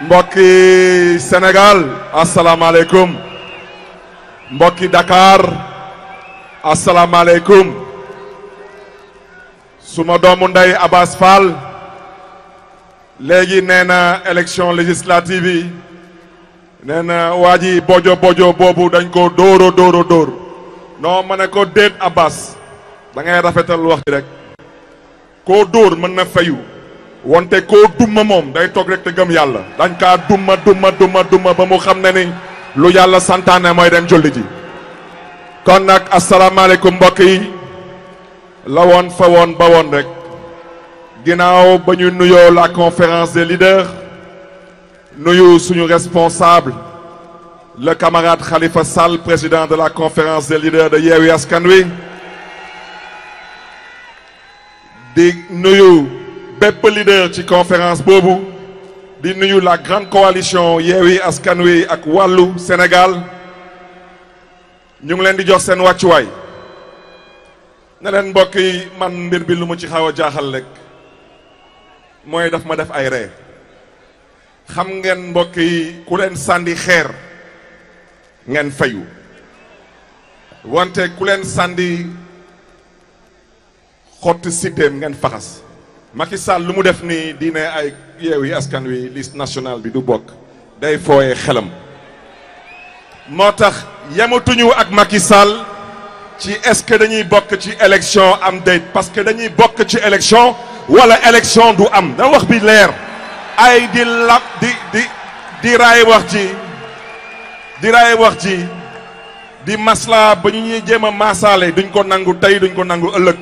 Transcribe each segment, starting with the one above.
mbokki Sénégal asalaamaaleykum mbokki Dakar asalaamaaleykum suma doomu ndey Abass Fall léegi nee na élection législative yi nee na waa ji bojo bojo boobu dañ ko dóoro dóoro dóor non ma ne ko déet Abass da ngay rafetal wax ji rek koo dóor mën na fayu wante koo dumma moom day toog rek te gëm yàlla dañ kaa dumma dumma dumma ba mu xam ne ni lu yàlla santaane mooy dem julli ji kon nag asalaamaaleykum mbokk yi la woon fa woon ba woon rek ginnaaw ba ñu nuyoo la conférence des leaders nuyu suñu responsable le camarade xalifa Sall président de la conférence des leaders de Yewwi Askan Wi di nuyu bépp leader ci conférence boobu di nuyu la grande coalition Yewwi Askan Wi ak wàllu Sénégal ñu ngi leen di jox seen wàccuwaay ne leen mbokk yi man mbir bi lu mu ci xaw a jaaxal rek mooy daf ma def ay ree xam ngeen mbokk yi ku leen sànni xeer ngeen fayu wante ku leen sànni xotti siddéem ngeen faxas Macky lu mu def nii di ay yeewi askan wi liste national bi du bokk day fooyee xelam moo tax yamatuñu ak Macky Sall ci est-ce que dañuy bokk ci élection am day parce que dañuy bokk ci élection wala élection du am da wax bi leer ay di la di di di raay wax ci di raay wax ci di masla ba ñu ñuy jéem a maasaale duñ ko nangu tey duñ ko nangu ëllëg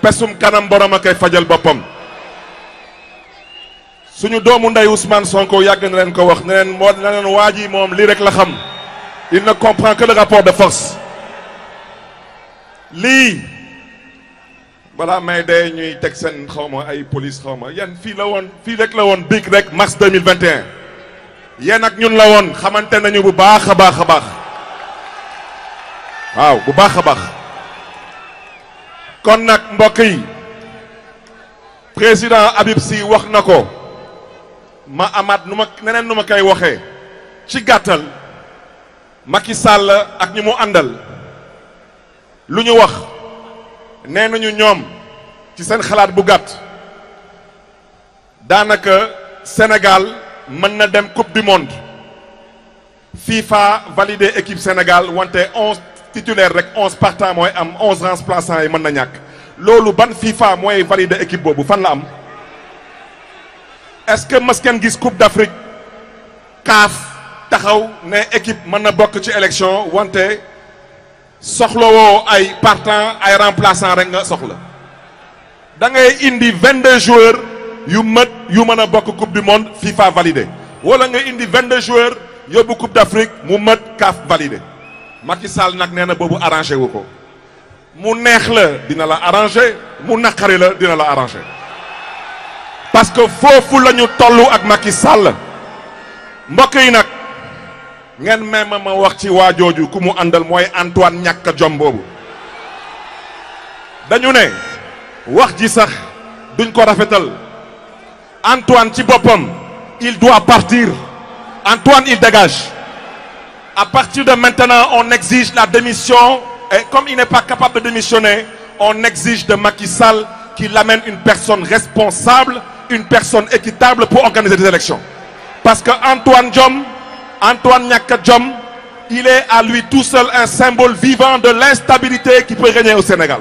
pesum kanam borom a fajal boppam suñu doomu ndey Ousmane Sonko yàgg na leen ko wax neneen leen moo na waa ji moom lii rek la xam il na comprend que le rapport de force lii balaa may dee ñuy teg seen xaw ma ay police xaw ma yan fii la woon fii rek la woon biig rek mars 2021 yéen ak ñun la woon xamante nañu bu baax a baax a baax waaw bu baax a baax kon nag mbokk yi président Habib Sy wax na ko ma amaat nu ma neneen nu ma koy waxee ci gàttal Macky sàll ak ñi mu àndal lu ñu wax nee nañu ñoom ci seen xalaat bu gàtt daanaka Sénégal mën na dem coupe du monde FIFA validé équipe Sénégal wante onze titulaire rek onze partants mooy am onze remplaçants yi mën na ñàkk loolu ban FIFA mooy validé équipe boobu fan la am est-ce que mas ngeen gis coupe d'Afrique kaaf taxaw ne équipe mën na bokk ci élection wante soxlawoo ay partant ay remplaçant rek nga soxla da ngay indi vingt deux joueurs yu mët yu mën a bokk coupe du monde FIFA validé wala nga indi vingt deux joueurs yóbbu coupe d'Afrique mu mët kaaf validé Macky Sall nag nee na boobu arrangé wu ko mu neex la dina la arrangé mu naqari la dina la arrangé parce que foofu la ñu toll ak Macky Sall mbokk yi nag ngeen may ma wax ci waajooju ku mu àndal mooy Antoine ñàkk jom boobu dañu ne wax ji sax duñ ko rafetal Antoine ci boppam il doit partir Antoine il dégage à partir de maintenant on exige la démission et comme il n'est pas capable de démissionner on exige de Macky Sall qu'il amène une personne responsable une personne équitable pour organiser des élections. Parce que Antoine Diom, Antoine Nyaka Diom, il est à lui tout seul un symbole vivant de l'instabilité qui peut régner au Sénégal.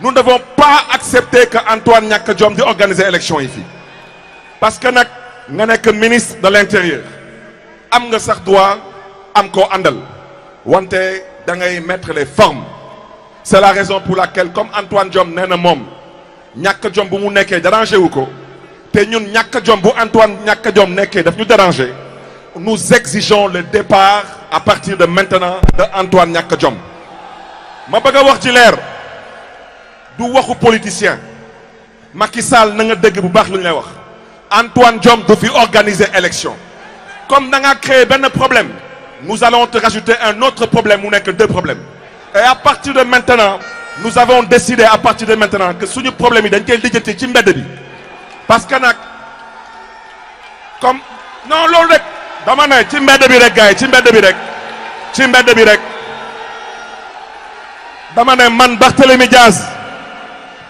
Nous ne devons pas accepter que Antoine Nyaka Diom de organiser élection ici. Parce que nak nga nekk ministre de l'intérieur. Am nga sax droit am ko andal. Wante da ngay mettre les formes. C'est la raison pour laquelle comme Antoine Diom nee na moom ñàkk jom bu mu nekkee dérangé wu ko te ñun ñàkk jom bu Antoine ñàkk jom nekkee def ñu dérangé nous exigeons le départ à partir de maintenant de Antoine ñàkk jom ma bëgg a wax ci leer du waxu politicien Macky Sall na nga dégg bu baax lu ñu lay wax Antoine Diome du fi organiser élection comme da nga créé benn problème nous allons te rajouter un autre problème mu nekk deux problèmes et à partir de maintenant nous avons décidé à parti de maintenant que suñu problème yi dañ koy lijjanti ci mbedd bi parce que nag comme non loolu rek dama ne ci mbedd bi rek gars ci mbedd bi rek ci mbedd bi rek dama ne man Barthélémy Diaz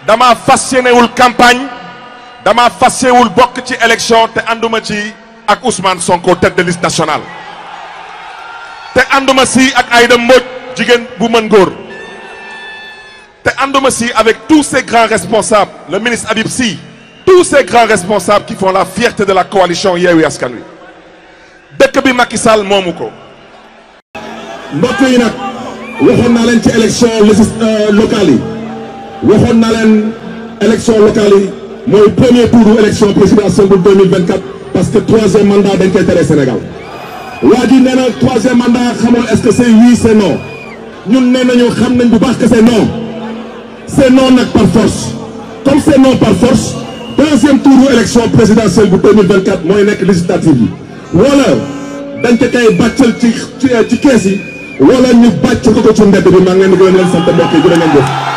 dama fas campagne dama fas yéenewul bokk ci élection te ànduma ci ak Ousmane Sonko tête de liste nationale te ànduma si ak Aïda Mbodj jigéen bu mën góor ànduma si avec tous ces grands responsables le ministre Habib Sy tous ces grands responsables qui font la fierté de la coalition Yewwi Askan Wi dëkk bi Macky Sall moomu ko. mbokk yi nag waxoon naa leen ci élection euh, locale yi waxoon naa leen élection locale yi mooy premier tour élection présidentielle bu 2024 parce que troisième mandat dañ koy tere Sénégal. waa ji nee na troisième mandat xamul est-ce que c'est oui c'est non ñun nee nañu xam nañ bu baax que c'est non. c'est non nag par force comme c'est non par force deuxième tour élection présidentielle bu 2024 mooy nekk législative yi wala dañ ko kay bàccal ci ci kees yi wala ñu bàcc ko ko ci mbedd bi maa ngi leen di gërëm leen mbokk yi jërë ngeen jëf